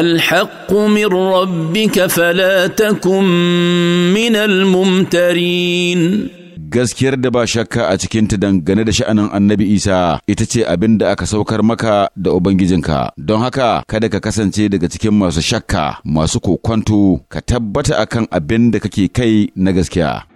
الحق من ربك فلا تكن من الممترين gaskiyar da ba shakka a cikinta dangane da sha'anin annabi isa ita ce abin da aka saukar maka da ubangijinka don haka kada ka kasance daga cikin masu shakka masu kokwanto ka tabbata akan abin da kake kai na gaskiya